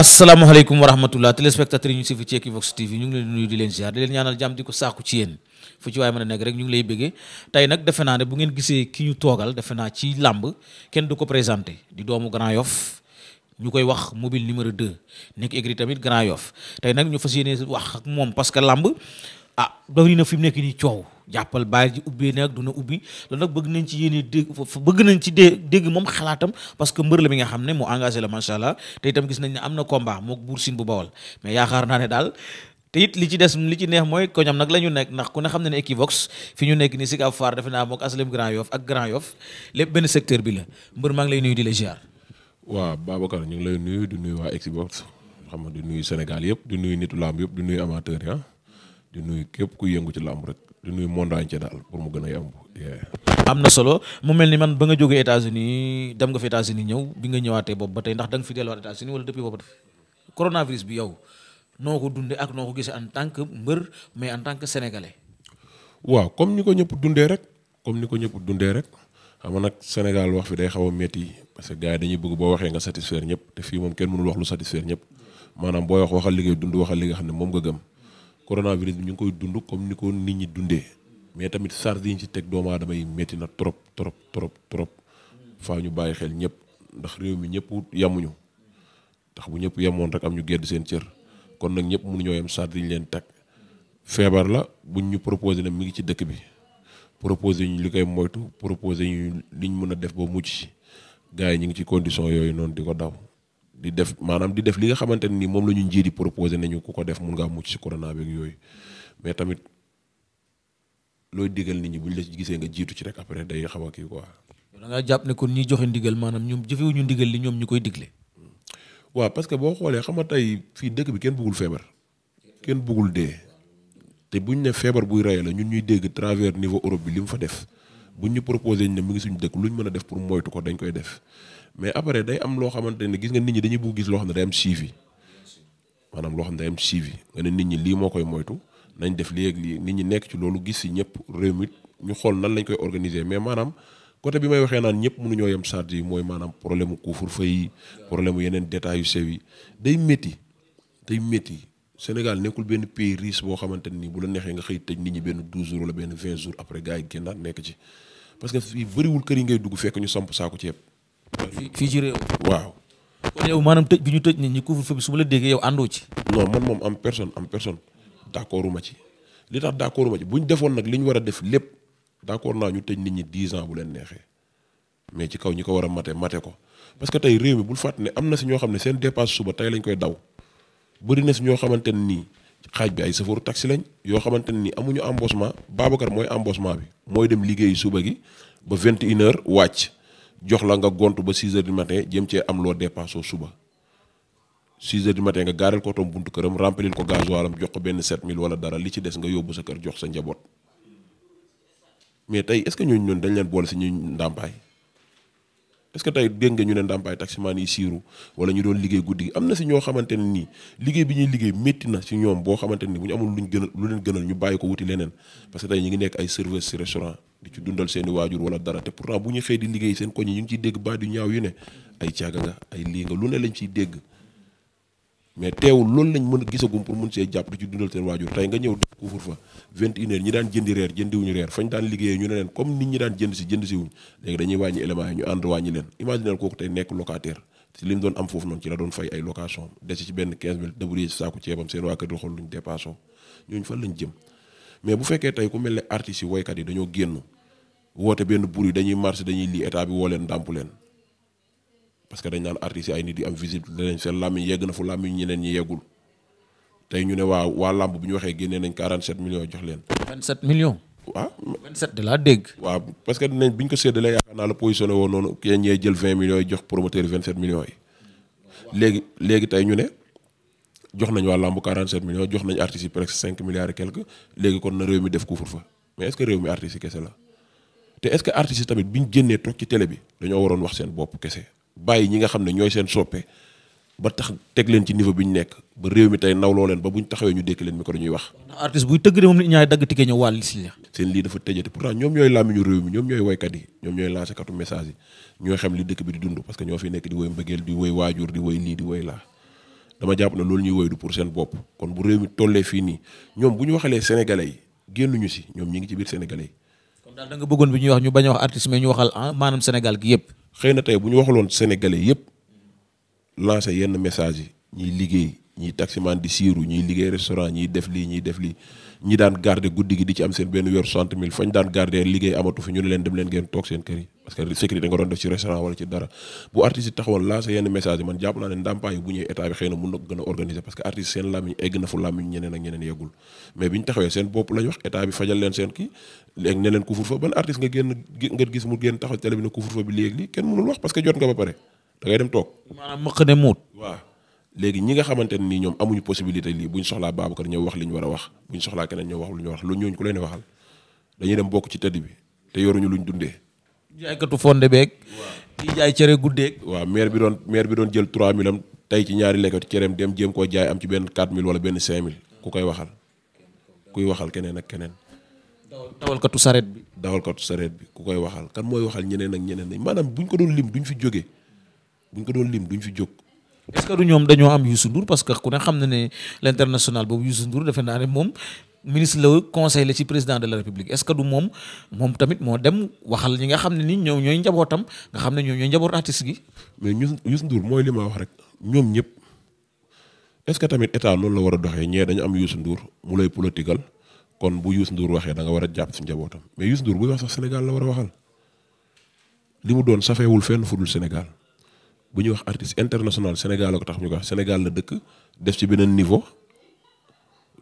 asalaamaaleykum wa rahmatullah téléspectateurs yi ñu suivi ci Equivox TV ñu ngi leen nuyu di leen ziar di leen ñaanal jàmm di ko saaku ci yéen fu ci waaye mën a nekk rek ñu ngi lay bëggee tey nag defe naa ne bu ngeen gisee ki ñu toogal defe naa ci làmb kenn du ko présenté di doomu Grand Yoff ñu koy wax mobile numéro 2 nekk écrit tamit Grand Yoff tey nag ñu fas yéene wax ak moom parce que làmb ah bari na fi mu nekk nii coow jàppal bàyyi ji ubbee nag duna ubbi loolu nag bëgg nañ ci yéen dégg bëgg nañ ci dé dégg moom xalaatam parce que mbër la mi nga xam ne mu engagé la macha allah te itam gis nañ ne am na combat mook buur siin bu bawal mais yaakaar naa ne daal te it li ci des li ci neex mooy ko ñam nag la ñu nekk ndax ku ne xam ne ne Equivox fi ñu nekk nii si ka faar defe naa mook aslem Grand Yoff ak Grand Yoff lépp benn secteur bi la mbër maa ngi lay nuyu di la ziar. waaw Babacar ñu ngi lay nuyu di nuyu waa Equivox xam nga di nuyu Sénégal yëpp di nuyu nit lamb yëpp di nuyu ah. di nuyu képp ku yëngu ci lamb rek di nuyu monde entier daal pour mu gën a yomb. am na solo mu mel ni man ba nga jógee États-Unis dem nga fi États-Unis ñëw bi nga ñëwaatee boobu ba tey ndax danga nga fi delluwaat États-Unis yow noo ko dundee ak noo ko gisee en tant que mbër mais en tant que sénégalais. waaw comme ni ko ñëpp dundee rek comme ni ko ñëpp dundee rek xam nga nag Sénégal wax fi day xaw a métti parce yi dañuy bëgg boo waxee nga satisfaire ñëpp te fii moom kenn mënul wax lu satisfaire ñëpp maanaam booy wax waxal liggéey dund waxal li nga xam ne moom nga gëm coronavirus bi ñu ngi koy dund comme ni ko nit ñi dundee mais tamit charge yi ci teg doomu aadama yi métti na trop trop trop trop faa ñu bàyyi xel ñëpp ndax réew mi ñëpp yamuñu ndax bu ñëpp yemoon rek am ñu gedd seen cër kon nag ñëpp mënuñoo yem charge yi ñu leen teg feebar la buñ ñu proposé nag mi ngi ci dëkk bi proposé ñu li koy moytu proposé ñu liñ mën a def ba mucc gars yi ñu ngi ci condition yooyu noonu di ko daw. di def maanaam di def li nga xamante ne ni moom la ñu njiit yi proposé nañu ku ko def mun ngaa mucc si corona beeg yooyu mais tamit looy digal nit ñi ñu la gisee nga jiitu ci rek après day xaw a kii quoi. da ngaa jàpp ne kon ñi joxe ndigal maanaam ñoom jëfewuñu ndigal li ñoom ñu koy digle. waaw parce que boo xoolee xam tey fii dëkk bi kenn bëggul feebar kenn bëggul dee te buñ ne feebar buy rey la ñun ñuy dégg travers niveau Europe bi li mu fa def. buñ ñu proposé ñu ne mu ngi suñu dëkk luñ mën a def pour moytu ko dañ koy def mais après day am loo xamante ne gis nga nit ñi dañuy bëgg gis loo xam ne day am suivi maanaam loo xam ne day am suivi nga nit ñi lii moo koy moytu nañ def lii ak lii nit ñi nekk ci loolu gis si ñëpp réew ñu xool nan lañ koy organiser mais maanaam côté bi may waxee naan ñëpp mënuñoo yem charge yi mooy maanaam problème mu couvre-feu yi problème yeneen détails yu sew yi day métti day métti Sénégal nekkul benn pays riche boo xamante ni bu la neexee nga xëy tëj nit ñi benn 12 jours wala benn 20 jours après gars yi nekk ci parce que fii bëriwul kër yi ngay dugg fekk ñu samp saako ceeb. fii ci waaw. kon maanaam tëj bi ñu tëj nit ñi couvre-feu su ma la déggee yow àndoo ci. non man moom am personne am personne ma ci li tax d'accorduma ci bu ñu defoon nag li ñu war a def lépp d'accord naa ñu tëj nit ñi 10 ans bu leen neexee mais ci kaw ñi ko war a mate mate ko parce que tey réew mi bul fàtt ne am na si ñoo xam ne seen dépasse suba tey lañ koy daw bëri na si ñoo xamante ne nii xaaj bi ay safaru taxi lañ yoo xamante ni nii amuñu embossement Babacar mooy embosement bi mooy dem liggéeyi suba gi ba vingt et une wàcc jox la nga gontu ba six heures du matin jëm cee am loo dépassoo suba six heures du matin nga gaareel ko otoom buntu këram remplir ko gasoilam jox ko benn set mille wala dara li ci des nga yóbbu sa kër jox sa njaboot mais tey est-ce ñooñu ñoon dañu leen boole si ñu ndàmpaay. est-ce que tey dégg nga ñu ne ndàmpaay taximaan yi siiru wala ñu doon liggéey guddi am na si ñoo xamante ne nii liggéey bi ñuy liggéey métti na si ñoom boo xamante ne nii bu ñu amul luñ gënal lu leen gënal ñu bàyyi ko wuti leneen parce que tey ñu ngi nekk ay service si restaurant di ci dundal seen i waajur wala dara te pourtant bu ñu xëy di liggéey seen koñ yi ñu ngi ciy dégg baat yu ñaaw yu ne ay caaga nga ay lii nga lu ne lañ ciy dégg mais teewul loolu lañ mën a gisagum pour mën see jàpp di ci dundal seen waajur tey nga ñëw def couvre fa vingt une heure ñi daan jëndi reer jëndiwuñu reer fañ daan liggéeyee ñu ne leen comme nit ñi daan jënd si jënd si wuñ léegi dañuy wàññi éléments yi ñu ànd wàññi leen imaginer kooku tey nekk locataire ci li doon am foofu noonu ci la doon fay ay location dese ci benn 15000 débrouillé si saaku ceebam seen waa kër di luñ dépassoo ñooñu fan tey ku mel ne artistes yi woykat yi dañoo génn woote benn bur yi dañuy marché dañuy lii état bi woo leen ndàmp leen parce que dañ naan artistes yi ay nit yi am visite danañ seen làmmiñ yegg na fu làmmiñ ñeneen ñi yeggul tey ñu ne waa waa làmb bu ñu waxee génnee nañ 47 millions jox leen. 27 millions. waaw ah, 27 de laa dégg. waaw parce que dinañ bi ñu ko séddalee yaakaar naa la positionné woon noonu kii ñee jël 20 millions yi jox promoteur yi 27 millions yi. léegi léegi tey ñu ne jox nañ waa làmb 47 millions jox nañ artistes yi presque 5 milliards et quelque léegi kon na réew mi def couvre fa mais est tamit bi ñu génnee toog ci bi dañoo waroon wax seen bopp kese. bàyyi ñi nga xam ne ñooy seen soppe ba tax teg leen ci niveau bi ñu nekk ba réew mi tey naw leen ba buñ taxawee ñu dékk leen mi ko dañuy wax. ndax artiste buy tëgg de moom nit ñaay dagg tike ñëw wàll si la. seen lii dafa tëjati pourtant ñoom ñooy làmmiñu réew mi ñoom ñooy waykat yi ñoom ñooy nekk di woy mbëggeel di woy waajur di jàpp ne loolu ñuy woy du pour seen bopp kon bu réew mi tollee fii nii ñoom bu ñu waxalee sénégalais yi génnuñu si ñoom ñi ngi ci biir sénégalais yi. comme daal da nga bëggoon bi ñuy wax ñu bañ a wax artiste mais ñu waxal ah maanaam Sénégal gi yëpp xëy na tey bu ñu waxuloon Sénégalais yëpp lancer yenn message yi ñuy liggéey ñii taximan di siiru ñiy liggéey restaurant ñiy def lii ñiy def lii ñi daan garder guddi gi di ci am seen benn weer soixante mille fañ daan garder liggéey amatu fi ñu ne leen dem toog a mais bi ñu taxawee seen bopp lañ wax état bi fajal leen seen kii léegi ne leen couvre-feu ban artiste nga gis mu génn taxaw télé bi ne couvre-feu bi léegi lii kenn mënul wax parce jot nga ba pare da dem toog léegi ñi nga xamante ne nii ñoom amuñu possibilité lii buñ soxlaa Babacar ñëw wax li ñu war a wax buñ soxlaa keneen ñëw wax lu ñu wax lu ñooñu ku leen waxal dañuy dem bokk ci tëdd bi te yoruñu luñ dundee. jaaykatu fonde beeg. waaw kii jaay cere guddeeg. waaw maire bi doon maire bi doon jël 3000 am tey ci ñaari lekkati cereem dem jéem koo jaay am ci benn 4000 wala benn 5000 ku koy waxal kuy waxal keneen ak keneen. dawalkatu sareet bi. dawalkatu sareet bi ku koy waxal kan mooy waxal ñeneen ak ñeneen maanaam buñ ko doon lim duñ fi jógee buñ ko doon lim duñ fi jóg est-ce que du ñoom dañoo am Youssou Ndour parce que ku ne xam na ne l'international boobu Youssou Ndour defe naa ne moom ministre la conseil la ci président de la république est-ce que du moom moom tamit moo dem waxal ñi nga xam ne ni ñoom ñooy njabootam nga xam ne ñoom ñooy njaboot artiste gi. mais Youssou Ndour mooy li ma wax rek ñoom ñëpp est-ce tamit état loolu la war a doxee ñee dañu am Youssou Ndour mu lay politigal kon bu Youssou Ndour waxee danga war a jàpp ci njabootam mais Youssou Ndour buy wax sax Sénégal la war a li mu doon safeewul fenn fudul Sénégal. bu ñuy wax artiste international Sénégal la ko tax ñu ko wax Sénégal la dëkk def ci beneen niveau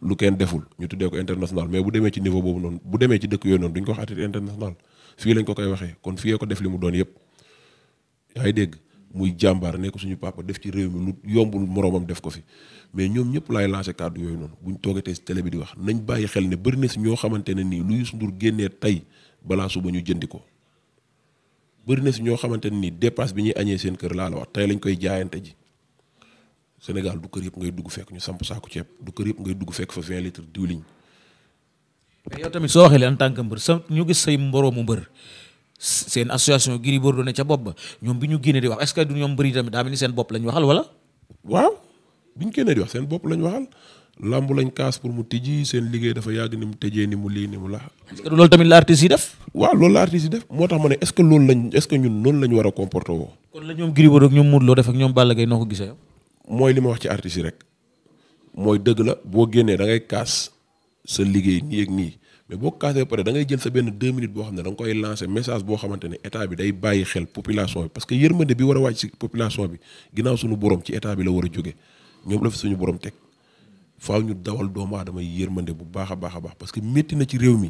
lu kenn deful ñu tuddee ko international mais bu demee ci niveau boobu noonu bu demee ci dëkk yooyu noonu duñ ko wax artiste international fii lañ ko koy waxee kon fii ko def li mu doon yëpp yaa ngi dégg muy jàmbaar nekk suñu papa def ci réew mi lu yombul moroomam def ko fi mais ñoom ñëpp laay lancé kàddu yooyu noonu buñ toogatee si télé bi di wax nañ bàyyi xel ne bëri na si ñoo xamante ne nii lu Youssou Ndour génnee tey balaa suba ñu jëndi ko. bëri na si ñoo xamante ni dépasse bi ñuy añee seen kër laa la wax tey lañ koy jaayante ji Sénégal du kër yëpp ngay dugg fekk ñu samp saaku ceeb du kër yëpp ngay dugg fekk fa 20 litres diwliñ. mais yow tamit soo waxee leen tànk tant que mbër sa ñu gis say mboroomu mbër seen association Gris Bordeaux ne ca bopp ba ñoom bi ñu génnee di wax est-ce que du ñoom bëri tamit daa mel ni seen bopp lañ waxal wala. waaw bi ñu génnee di wax seen bopp lañ waxal lamb lañ kaas pour mu tijji seen liggéey dafa yàgg ni mu tëjee ni mu lii ni mu la. est-ce que loolu tamit la artiste yi def. waaw loolu la artiste yi def moo tax ma ne est-ce que loolu lañ est-ce que ñun noonu la ñu war a comporter woo. mooy li la boo génnee da ngay kaas sa liggéey nii ak boo kaasee ba pare da ngay jël benn deux minutes boo xam ne da nga koy lancer boo xamante ne état bi day bàyyi xel que yërmande war a wàcc si bi ginnaaw suñu borom ci bi la war a jóge ñoom la fi suñu borom teg faaw ñu dawal doomu aadama yi yërmande bu baax a baax a baax parce que métti na ci réew mi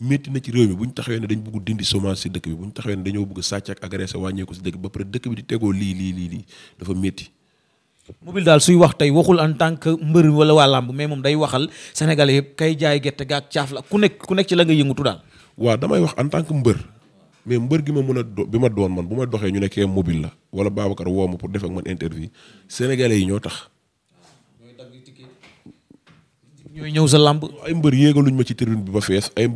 metti na ci réew mi bu ñu taxawee ne dañ bëgg dindi chômage si dëkk bi bu ñu taxawee ne dañoo bëgg sàcc ak agressé wàññeeku si dëkk bi ba pare dëkk bi di tegoo lii lii lii lii dafa métti. mobile daal suy wax tey waxul en tant que mbër wala waa làmb mais moom day waxal sénégalais yëpp kay jaay gerte gaak caaf la ku nekk ku nekk ci la nga yëngutu daal. waaw damay wax en tant que mais mbër gi ma mën a bi ma doon man bu ma doxee ñu nekkee mobile la wala Babacar woo ma pour def ak man interview sénégalais yi tax ñooy ñëw sa lamb. ay mbër yéegaluñ ma ci tribune bi ba fees ay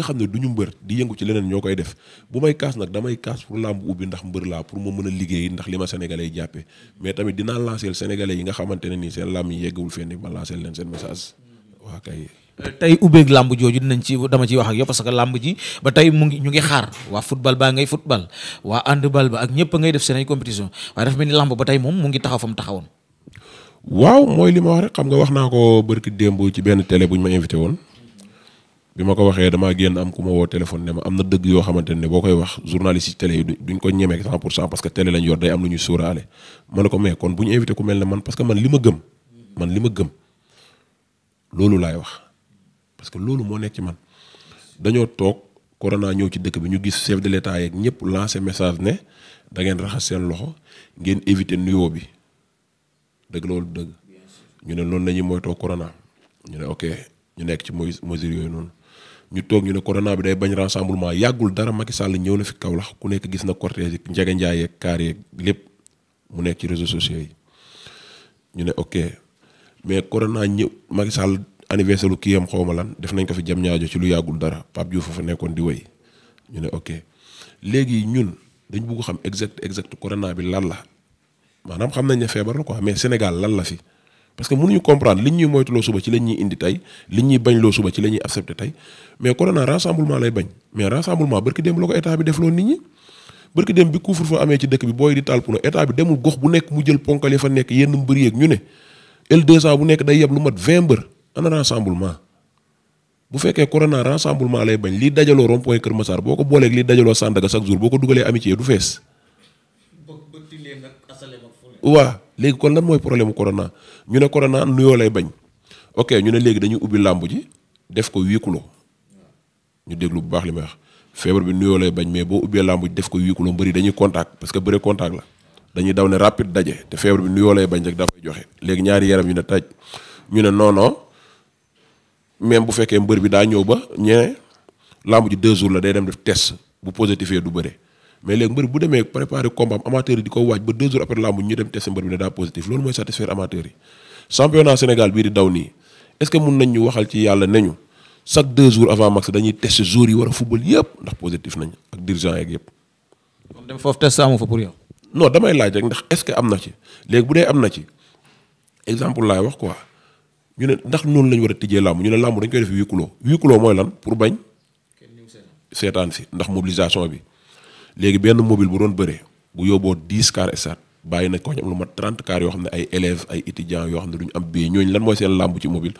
xam ne du ñu mbër di ci leneen ñoo koy def bu may kaas nag damay kaas pour lamb ubbi ndax pour ma a liggéey ndax li ma sénégalais yi jàppee mais tamit dinaa lancer sénégalais xamante ne nii seen lamb yi yeggawul fenn ma lancer leen seen message waa kay. tey ubbeeg làmb ci dama ciy wax ak yow parce que làmb ji ba tey mu ngi ñu ngi xaar waa football baa ngay football waa handball ba ak ñëpp a ngay def seen ay compétition waaye dafa mel ni làmb ba tey moom mu ngi taxaw fa mu taxawoon. waaw mooy li ma wax rek xam nga wax naa ko barki démb ci benn télé bu ñu ma invité woon bi ma ko waxee damaa génn am ku ma woo téléphone ne ma am na dëgg yoo xamante ne boo koy wax journaliste yi télé yi duñ ko ñemee 100 pour cent parce que télé lañ yor day am lu ñuy sóoraale ma ne ko mais kon bu ñu invité ku mel ne man parce que man li ma gëm man li ma gëm loolu laay wax parce que loolu moo nekk ci man dañoo toog corona ñëw ci dëkk bi ñu gis chef de l'état yeeg ñëpp lancé message ne da ngeen raxas loxo ngeen éviter nuyoo bi. dëgg loolu dëgg ñu ne noonu la ñuy moytoo corona ñu ne ok ñu nekk ci mesures yooyu noonu ñu toog ñu ne corona bi day bañ rassemblement yàggul dara Macky Sall ñëw na fi Kaolack ku nekk gis na cortège yi njege njaay yeeg lépp mu nekk ci réseaux sociaux yi ñu ne ok mais corona ñëw Macky Sall anniversaire lu kii am xaw ma lan def nañ ko fi jam ñaajo ci lu yàggul dara Pape Diouf fa nekkoon di wéy ñu ne ok léegi ñun dañ bugg xam exact exact corona bi lan la maanaam xam nañ ne feebar la quoi mais Sénégal lan la fi parce que mënuñu comprendre liñ ñuy moytuloo suba ci lañ ñuy indi tey liñ ñuy bañ loo suba ci la ñuy accepté tey mais corona rassemblement lay bañ mais rassemblement barki dem la ko état bi def loon nit ñi barki dem bi couvre-feu amee ci dëkk bi booy di taal puno état bi demul gox bu nekk mu day yeb lu mat 20 mbër ana rassemblement bu fekkee corona rassemblement lay bañ lii dajaloo rond point Kër Massar boo ko booleeg lii dajaloo Sandaga chaque jour boo ko dugalee amitié du fees waa léegi kon lan mooy problème mu corona ñu ne corona nuyoo lay bañ ok ñu ne léegi dañuy ubbi làmb ji def ko huis clos ñu déglu bu baax li may wax feebar bi nuyoo lay bañ mais boo ubbee làmb def ko huis clos mbëri dañuy contact parce que bëre contact la dañuy daw ne rapide daje te feebar bi nuyoo lay bañ rek dafay joxe léegi ñaari yaram ñu ne taj ñu ne non non même bu fekkee mbër bi daa ñëw ba ñeneen làmb ji deux la day dem def test bu positifee du bëre. mais léegi mbër bu demee préparer combat amateur yi di ko waaj ba deux jours après lamb ñu dem test mbër bi daa positif loolu mooy satisfaire amateur yi championnat Sénégal bii di daw nii est mun nañ ñu waxal ci yàlla ne ñu chaque deux jours avant max dañuy test jours yi war a football yëpp ndax positif nañ ak dirigeant yeeg yëpp. kon fa pour yow. non damay laaj rek ndax est ce que am na ci léegi bu dee am na ci exemple laay wax quoi ñu ne ndax noonu lañu ñu war a tijjee làmb ñu ne làmb dañ koy def huis clos huis clos mooy lan pour bañ. seetaan si ndax mobilisation bi. léegi benn mobile bu doon bëre bu yóbboo dix car stade bàyyi na ko ñu am lu mat trente car yoo xam ne ay élèves ay étudiants yoo xam ne duñu am bie ñooñ lan mooy seen làmb ci mobile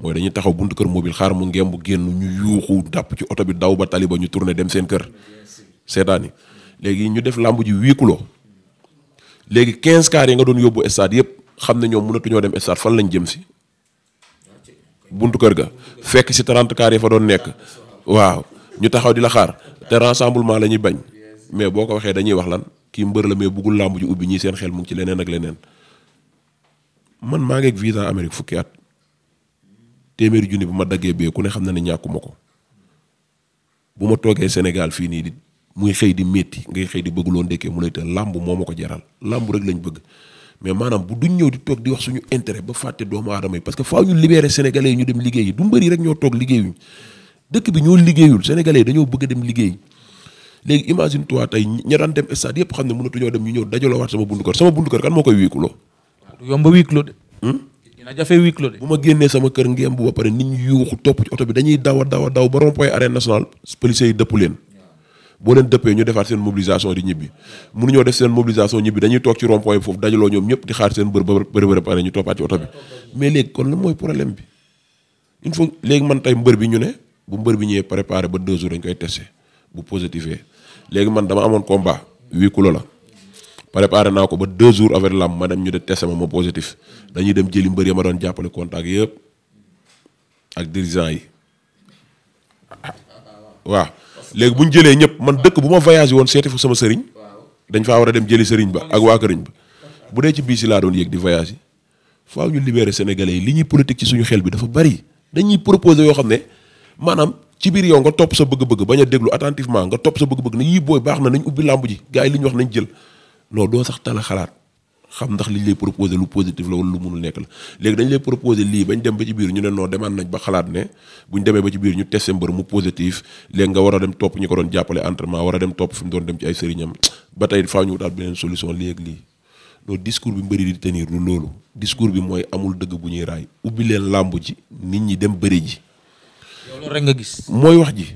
mooy dañuy taxaw buntu kër mobile xaar mu ngemb génn ñu yuuxu dàpp ci oto bi daw ba tali ba ñu tourné dem seen kër seetaan léegi ñu def làmb ji huis clos léegi quinze car yi nga doon yóbbu stade yëpp xam ne ñoom mënatuñoo dem stade fan lañ jëm si buntu kër ga fekk si trente car fa doon nekk waaw ñu taxaw di la xaar te la ñuy bañ mais boo ko waxee dañuy wax lan kii mbër la mais buggul làmb ji ubbi ñii seen xel mu ngi ci leneen man maa ngi ak visa Amérique fukki at téeméeri junni bu ma daggee bee ku ne xam na ne ñàkkuma ko bu ma toogee senegal fii nii di muy xëy di métti ngay xëy di bëgg loo ndekkee mu lay te làmb moo ma ko jaral làmb rek lañ bëgg mais maanaam bu duñ ñëw di toog di wax suñu intérêt ba fàtte doomu aadama yi parce que faaw ñu libéré sénégalais ñu dem liggéey liggéeyi du mbëri rek ñoo toog liggéeyuñ dëkk bi ñoo liggéeyul sénégalais yi dañoo bëgg dem liggéey léegi imagine toi tey ña daan dem stade yëpp xam ne mënatuñoo dem ñu ñëw dajaloo waat sama buntu kër sama buntu kër kan moo koy wiikuloo. yomb hmm? de. bu ma génnee sama kër ngeen bu ba pare nit topp ci oto bi dañuy daw a a daw ba rond-point arène nationale. policiers yi dëpp leen. boo leen dëppee ñu defaat seen mobilisation di ñibbi mënuñoo def seen mobilisation ñibbi dañuy toog ci rond-point bi foofu dajaloo ñoom ñëpp di xaar seen bër bër bër pare ñu toppaat ci oto bi mais léegi kon la mooy problème bi il faut léegi man tey mbër bi ñu ne bu mbër bi ñëwee préparé ba deux jours koy testé bu positifee léegi man dama amoon combat huit kilos la préparé naa ko ba deux jours avec lam ma dem ñu de testé ma ma positif dañuy dem jëli mbër ya ma doon jàppale contact yëpp ak dirigeant yi waaw léegi bu ñu jëlee ñëpp man dëkk bu ma voyagé woon seeti fu sama sëriñ dañ faa war a dem jëli sëriñ ba ak waa këriñ ba bu dee ci bii si laa doon yéeg di voyage faaw ñu libéré sénégalais yi li ñuy politique ci suñu xel bi dafa bari dañuy proposé yoo xam ne maanaam ci biir yow nga topp sa bëgg-bëgg bañ a déglu attentivement nga topp sa bëgg-bëgg ne yii booy baax na nañ ubbi làmb ji gars yi li ñu wax nañ jël non doo sax tala xalaat xam ndax liñ lay proposé lu positif la nekk la léegi dañ lay proposé lii bañ dem ba ci biir ñu ne non demaat nañ ba xalaat ne buñ demee ba ci biir ñu testé nga war a dem topp ñi ko doon jàppale entraînement war a dem topp fi mu doon dem ci ay sëriñam ba tey faa ñu wutaat beneen solution lii ak lii non discours bi mbëri di tenir lu loolu discours bi mooy amul dëgg bu ñuy raay ubbi leen làmb ji nit ñi dem bëri ji loolu rek nga gis. mooy wax ji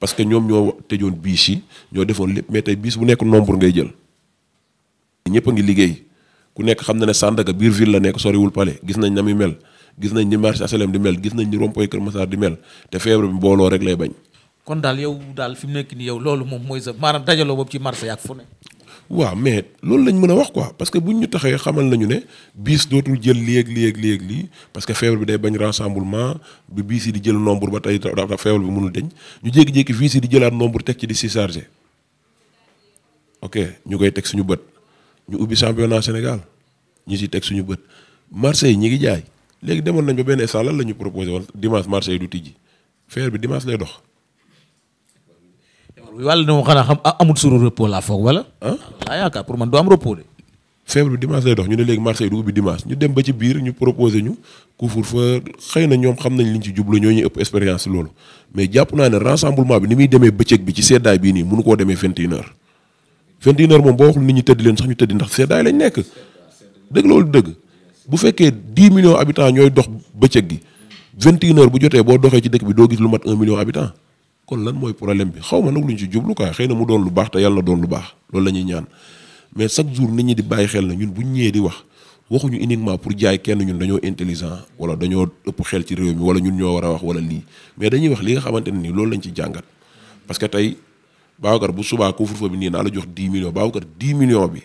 parce que ñoom ñoo tëjoon biis yi ñoo defoon lépp mais tey biis bu nekk nombre ngay jël ñëpp a ngi liggéey ku nekk xam na ne Sandaga biir ville la nekk soriwul Palais gis nañ na muy mel gis nañ ni marché Asalem di mel gis nañ ni rond-point Kër Massar di mel te feebar bi mbooloo rek lay bañ. kon daal yow daal fi mu nekk nii yow loolu moom mooy sa maanaam dajaloo boobu ci marché yi ak fu ne. waaw mais loolu lañ mën a wax quoi parce que buñ ñu taxee xamal nañu ne biis dootul jël léeg léeg léeg lii parce que feebar bi day bañ rassemblement bi biis yi di jël nombre ba tey dafa feebar bi mënul deñ ñu jékki-jékki fii si di jëlaat nombre teg ci di si chargé ok ñu koy teg suñu bët ñu ubbi championnat Sénégal ñu si teg suñu bët Marseille ñi ngi jaay léegi demoon nañ ba benn instant lan la ñu proposé woon dimanche Marseille du tijji feebar bi dimanche lay dox. wàll ne moom xanaa xam ah, amul suru repos laa foog wala. ah yaakaar pour man du am repos de. feebar bi dimanche lay dox ñu ne léegi marché yi du ubbi dimanche ñu dem ba ci biir ñu proposé ñu couvre-feu xëy na ñoom xam nañ liñ ci jublu ñoo ñu ëpp expérience loolu mais jàpp naa ne rassemblement bi ni muy demee bëccëg bi ci seddaay bii nii mënu koo demee vingt et une vingt et une moom boo waxul nit ñi tëdd leen sax ñu tëddi ndax seddaay lañ nekk dëgg loolu dëgg bu fekkee dix millions habitants ñooy dox bëccëg gi vingt et une jotee boo doxee ci dëkk bi doo gis lu mat un million kon lan mooy problème bi xaw ma nag luñ ci jublu quoi xëy na mu doon lu baax te yàlla na doon lu baax loolu la ñuy ñaan mais chaque jour nit ñi di bàyyi xel na ñun buñ ñëwee di wax waxuñu uniquement pour jaay kenn ñun dañoo intelligent wala dañoo ëpp xel ci réew mi wala ñun ñoo war a wax wala lii mais dañuy wax li nga xamante ne nii loolu lañ ci jàngat parce que tey Babacar bu subaa couvre-feu bi nii naa la jox 10 millions Babacar 10 millions bi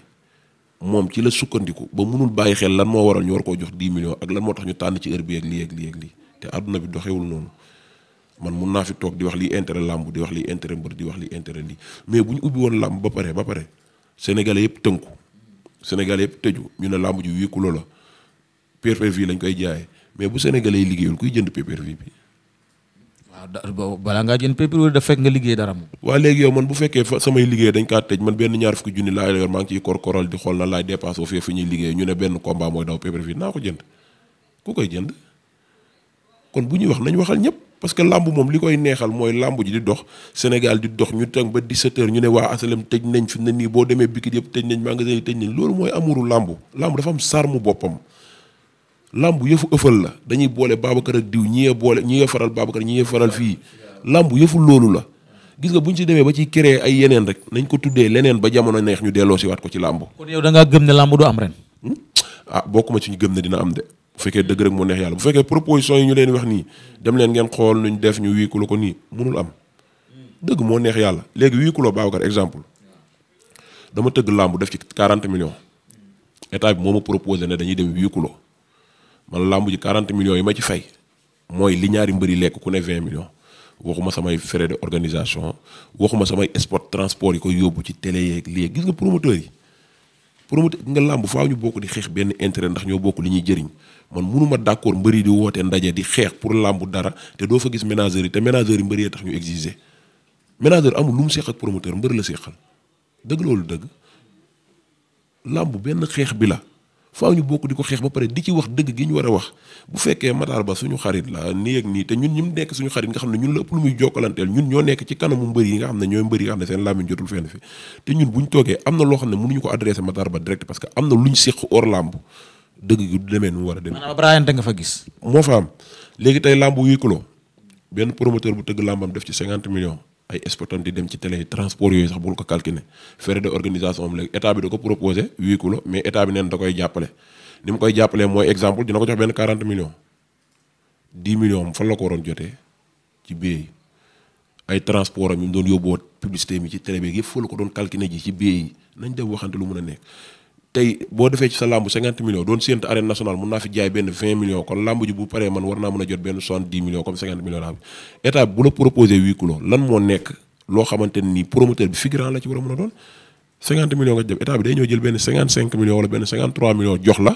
moom ci la sukkandiku ba mënul bàyyi xel lan moo waral ñu war koo jox 10 millions ak lan moo tax ñu tànn ci heure bi ak lii ak lii ak lii te bi doxewul noonu man mun naa fi toog di wax lii intérêt làmb di wax lii intérêt mbër di wax lii intérêt lii mais bu ñu ubbi woon làmb ba pare ba pare sénégalais yëpp tënku sénégalais yëpp tëju ñu ne làmb ji wii kulo la pay-per-view lañ koy jaayee mais bu sénégalais yi liggéeyul kuy jënd pay-per-view bi. waaw balaa ngaa jënd pay-per-view daf fekk liggéey dara waa léegi yow man bu fekkee fa liggéey dañ kaa tëj benn ñaar fukki junni laa yor maa ngi ciy korkoral di xool na laay dépassé fee fu ne benn combat mooy daw pay-per-view naa ko jënd ku koy jënd kon bu ñuy wax nañ waxal ñëpp parce que làmb moom li koy neexal mooy làmb ji di dox Sénégal di dox ñu teg ba 17h ñu ne waa asalem tëj nañ fi ne nii boo demee bikit yëpp tëj nañ magasin yi tëj nañ loolu mooy amuru làmb làmb dafa am sarmu boppam làmb yëfu ëffal la dañuy boole Babacar ak diw ñiyee boole ñi nga faral Babacar ñi faral fii làmb yëfu loolu la gis nga bu ñu si demee ba ci créer ay yeneen rek nañ ko tuddee leneen ba jamono neex ñu delloo si waat ko ci làmb kon yow da ngaa ne làmb du am ren hmm? ah bokkuma ci ñu gëm ne dina am de bu fekkee dëgg rek moo neex yàlla bu fekkee proposition yi ñu leen wax nii dem leen ngeen xool nuñ def ñu wii kulo ko nii mënul am dëgg moo neex yàlla léegi wii kulo Babacar exemple dama tëgg làmb def ci 40 million état bi moo ma proposé ne dañuy dem wii man làmb ji 40 million yi ma ci fay mooy li ñaari mbëri lekk ku ne 20 millions waxuma samay frais de organisation waxuma samay sport transport yi koy yóbbu ci télé yeeg lii gis nga promoteurs yi promoteur nga làmb faaw ñu bokk di xeex benn intérêt ndax ñoo bokk li ñuy jëriñ man munuma d'accord mbëri di woote ndaje di xeex pour làmbu dara te doo fa gis ménageurs yi te ménageurs yi mbëri yee tax ñu exiger ménageur amul lu mu seex ak promoteur mbër la seexal dëgg loolu dëgg làmb benn xeex bi la faaw ñu bokk di ko ci wax dëgg gi ñu war a wax bu fekkee Matar Ba suñu xarit la nii ak nii te ñun ñim nekk suñu xarit nga xam ne ñun ci kanamu mbëri yi nga xam ne ñooy mbëri yi nga xam ne seen làmb am na loo xam ne mënuñu ko adressé Matar Ba direct parce que am na luñ séq hors làmb dëgg du demee nu mu war a demee. maanaam Brian nga fa gis. moo fa am léegi tey làmb huis clos benn promoteur bu tëgg làmbam def ci cinquante millions ay exportant di dem ci télé transport yooyu sax bul ko calculer frais de organisation am léegi état bi da ko proposé huis clos mais état bi neen da koy jàppale ni mu koy jàppalee mooy exemple dina ko jox benn quarante millions dix million fan la ko waroon jotee ci billet ay transport am yi mu doon yóbbuwoon publicité mi ci bi yëpp fa la ko doon calculer ji ci billet nañ dem waxante lu mun a nekk. tey boo defee ci sa làmb 50 millions doon séntu arène nationale mun naa fi jaay benn 20 millions kon làmb ji bu paree man war naa mën a jot benn 70 millions comme 50 millions bi figurant la ci a mën a jox la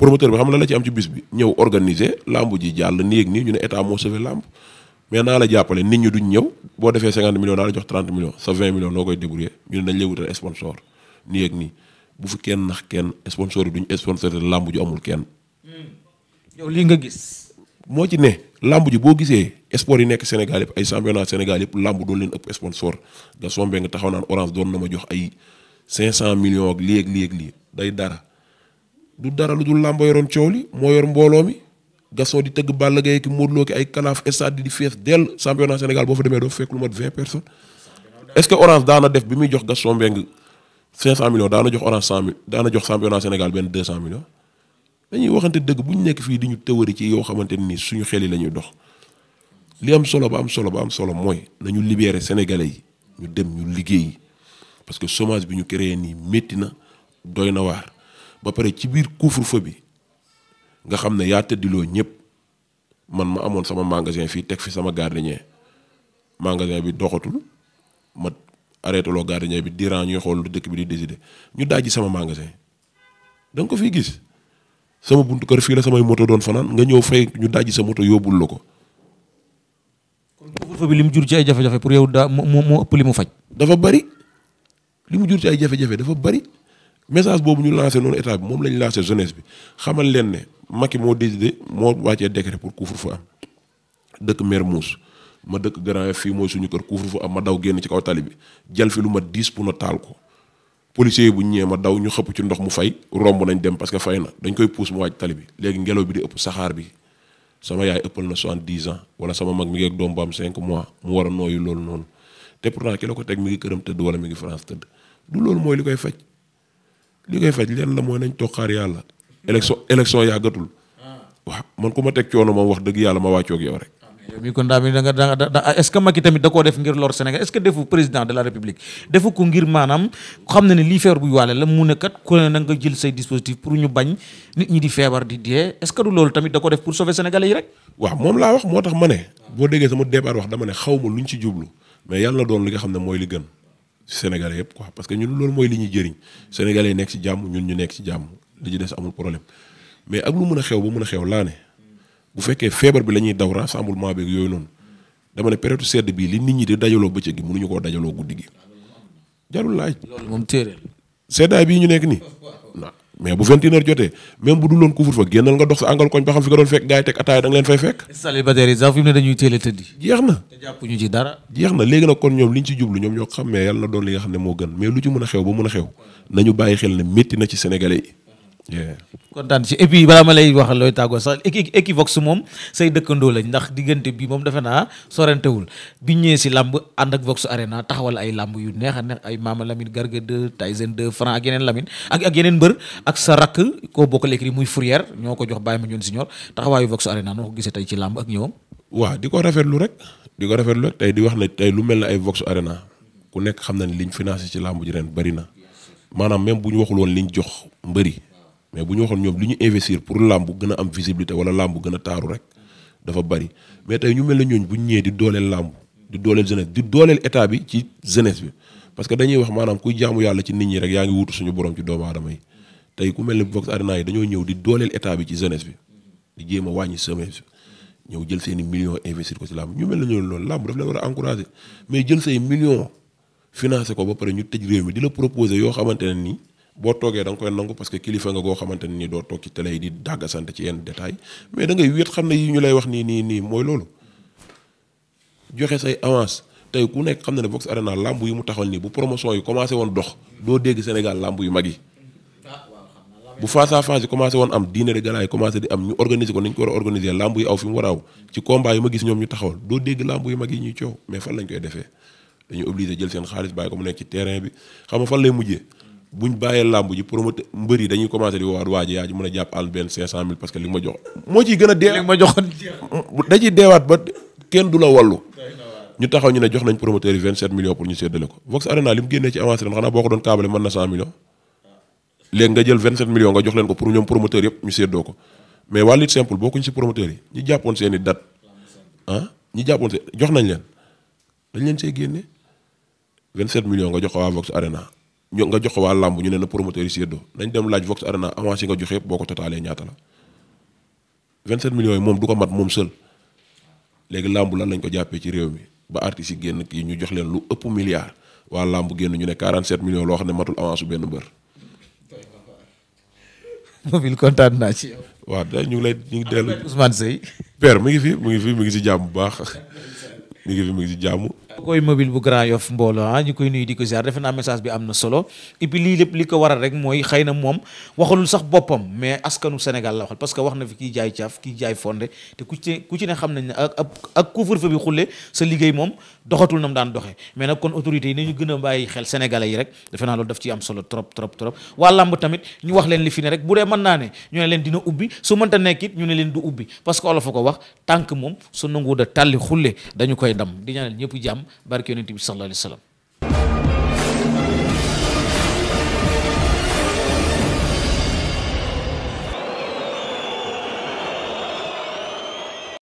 promoteur bi xam la ci am ci bis bi ñëw organiser làmb ji jàll nii ak nii ñu ne état moo sauvé làmb mais naa la jàppale nit ñi duñ ñëw boo defee 50 millions naa la jox 30 millions sa 20 millions noo koy débrouiller ñu ne dañ lay wutal sponsor bu fi kenn nax kenn sponsor yi duñ sponsor làmb ju amul kenn. Hmm. yow lii nga gis. moo ci ne lamb ji boo gisee sport yi nekk Sénégal yëpp ay championnat Sénégal yëpp làmb doon leen ëpp sponsor nga sombe nga taxaw naan orange doon na ma jox ay 500 millions ak lii ak lii ak lii day dara. du dara lu dul làmb yoroon coow li moo yor mbooloo mi Gaston di tëgg Balla Gaye ki Modou Lo ki ay kalaaf stade di fees dell championnat Sénégal boo fa demee doo fekk lu mat 20 personnes est-ce 500 millions daana jox orange 100 millions daana jox championnat Sénégal benn 200 millions dañuy waxante dëgg bu ñu nekk fii di ñu théorie ci yoo xamante ni suñu xel yi la ñuy dox li am solo ba am solo ba am solo mooy nañu libérer sénégalais yi ñu dem ñu liggéeyi parce que chômage bi ñu créé nii métti na doy na waar ba pare ci biir couvre-feu bi nga xam ne yaa tëddiloo ñëpp man ma amoon sama magasin fii teg fi sama gardien magasin bi doxatul ma arrêté loo gardien bi diran ñuy xool lu dëkk bi di décider ñu dajji sama magasin danga ko fiy gis sama buntu kër fii la samay moto doon fanaan nga ñëw fay ñu dajji sa moto yóbbul la ko. couvre-feu li mu jur ci ay pour yow daa moo moo ëpp li mu faj. dafa bari li mu jur ci ay jafe-jafe dafa bari message boobu ñu lancé noonu état bi moom lañu lancé jeunesse bi xamal leen ne Macky moo décidé moo wàccee décret pour couvre-feu am dëkk Mermoz ma dëkk Grand Yoff fii mooy suñu kër couvre-feu am ma daw génn ci kaw tali bi jël fi lu ma diis pour na taal ko policiers bu ñu ñëwee ma daw ñu xëpp ci ndox mu fay romb nañ dem parce que fay na dañ koy puus mu tali bi léegi ngelaw bi di ëpp saxaar bi sama yaay ëppal na soixante-dix ans wala sama mag mi doom bu am cinq mois mu war a nooyu loolu noonu te pourtant ki mi ngi këram tëdd wala mi ngi France tëdd du loolu mooy li koy faj li koy faj leen la mooy nañ toog xaar yàlla élection élection yàggatul ah. waaw man ku ma teg coono moom wax dëgg yàlla ma wàccoog yow rek yow mi kon daa mi da nga da da est ce que Macky na ne lii feebar buy waale la mu ne ñu loolu tamit da ko def pour sauver sénégalais yi rek. waaw moom laa ma ne. boo déggee sama débat wax dama ne xaw ma luñ ci jublu mais yàlla na doon li nga xam ne mooy li gën. Sénégalais yëpp quoi parce que ñun loolu mooy li ñuy jëriñ sénégalais yi nekk ci jàmm ñu ñu nekk ci jàmm li ci des amul problème mais ak lu mën a xew ba mun a xew laa ne bu fekkee feebar bi la ñuy daw rassemblement beeg yooyu noonu dama ne période sedd bii li nit ñi di dajaloo bëccëg gi mënuñu koo dajaloo guddi gi jarul laaj. loolu moom téere seddaay bii ñu nekk nii. mais bu 21 jotee même bu dul woon couvre fa génnal nga dox sa angal koñ ba xam fi nga doon fekk gars teg ataaya da leen fay fekk. célibataire yi sax fi a tëddi. ci dara. jeex na léegi nag kon ñoom li ñu ci jublu ñoom ñoo xam mais yàlla na doon li nga xam ne moo gën mais lu ci a xew a xew nañu bàyyi xel ne métti na ci sénégalais kontaan ci et puis balaa ma lay waxa looy tàggoo sax Equivox moom say dëkkandoo lañ ndax diggante bi moom defe naa sorentewul bi ñëwee si làmb ànd ak Vox Arena taxawal ay làmb yu neex a ay Mama Lamine Garga 2 Tyson 2 Franc ak yeneen Lamine ak ak sa rakk koo bokkal écrit muy Fourière ñoo ko jox Baye Mandione Senior taxawaayu Vox Arena noo ko gisee tey ci làmb ak ñëwam. waaw di ko rafetlu rek di ko rafetlu rek tey di wax ne tey lu mel ne ay Vox Arena ku nekk xam na ne liñ financé ci làmb ji ren bëri na maanaam même bu ñu waxul woon liñ jox mbëri mais bu ñu waxoon ñoom li ñu investir pour làmb gën a am visibilité wala làmb gën a taaru rek dafa bari mais tey ñu mel ne ñooñu bu ñu ñëwee di dooleel làmb di dooleel jeunesse di dooleel état bi ci jeunesse parce que dañuy wax maanaam kuy jaamu yàlla ci nit ñi rek yaa ngi wutu suñu borom ci doomu aadama yi tey ku mel ne Vox Arena yi dañoo ñëw di dooleel état bi ci jeunesse bi di jéem a wàññi semence bi ñëw jël seeni millions investir ko ci làmb ñu mel ne ñooñu loolu làmb daf leen war a encourager mais jël say millions financé ko ba pare ñu tëj réew mi di yoo xamante ne nii boo toogee da nga koy nangu parce que kilifa nga goo xamante ne nii doo toog ci télé yi di dàgga sant ci yenn détail mais da ngay xam ne yi ñu lay wax nii nii nii mooy loolu joxe say avance tey ku nekk xam ne ne Vox Arena làmb yi mu taxal nii bu promotion yi commencé woon dox doo dégg Sénégal làmb yu mag yi bu face à face yi commencé woon am diine de gala yi di am ñu organiser ko nañ ko war a organiser làmb yi aw fi mu war a aw ci combat yi ma gis ñoom ñu taxawal doo dégg làmb yu mag yi ñuy coow mais fan lañ koy defee dañuy obligé jël seen xaalis bàyyi ko mu ci terrain bi xam nga fan lay mujjee buñ bàyyee làmb ji promoteur mbër yi dañuy commencé di woowaat waa ji yaa a jàpp àll benn 500000 parce que li nga ma jox moo ciy gën a deewaat ba kenn du la wallu. ñu taxaw ñu ne jox nañ promoteur yi 27 millions pour ñu séddale ko Vox Arena li nga jël 27 millions nga jox leen ko pour ñoom promoteur yëpp ñu séddoo ko mais wàllu simple bokkuñ si promoteur yi ñu ah jox nañ leen dañ leen see génne 27 millions nga jox ko waa Vox Arena ñu nga jox ko waa làmb ñu ne na promoteur yi séddoo nañ dem laaj Vox Arena avance yi nga joxe yëpp boo ko totalee ñaata la 27 millions yi moom du ko mat moom seul léegi làmb lan lañ ko jàppee ci réew mi ba artistes yi génn kii ñu jox leen lu ëpp milliard waa làmb génn ñu ne 47 millions loo xam ne matul avance su benn mbër. mobile kontaan naa ci yow. ñu ngi lay ñu ngi dellu Ousmane Seye. père mi ngi fi mu ngi fi mi ngi si jàmm bu baax mi ngi fi mi ngi si jàmm. koy mobile bu Grand Yoff mbooloo ah ñu koy nuyu di ko ziar defe naa message bi am na solo et puis lii lépp li ko waral rek mooy xëy na moom waxalul sax boppam mais askanu Sénégal la waxal parce que wax na fi kii jaay caaf kii jaay fonde te ku ci ku ci ne xam nañ ne ak ak couvre-feu bi xulle sa liggéey moom doxatul na mu daan doxee mais nag kon autorités yi nañu gën a bàyyi xel sénégalais yi rek defe naa loolu daf ciy am solo trop trop trop waa làmb tamit ñu wax leen li fi ko barke yonent bi sallallahu alayhi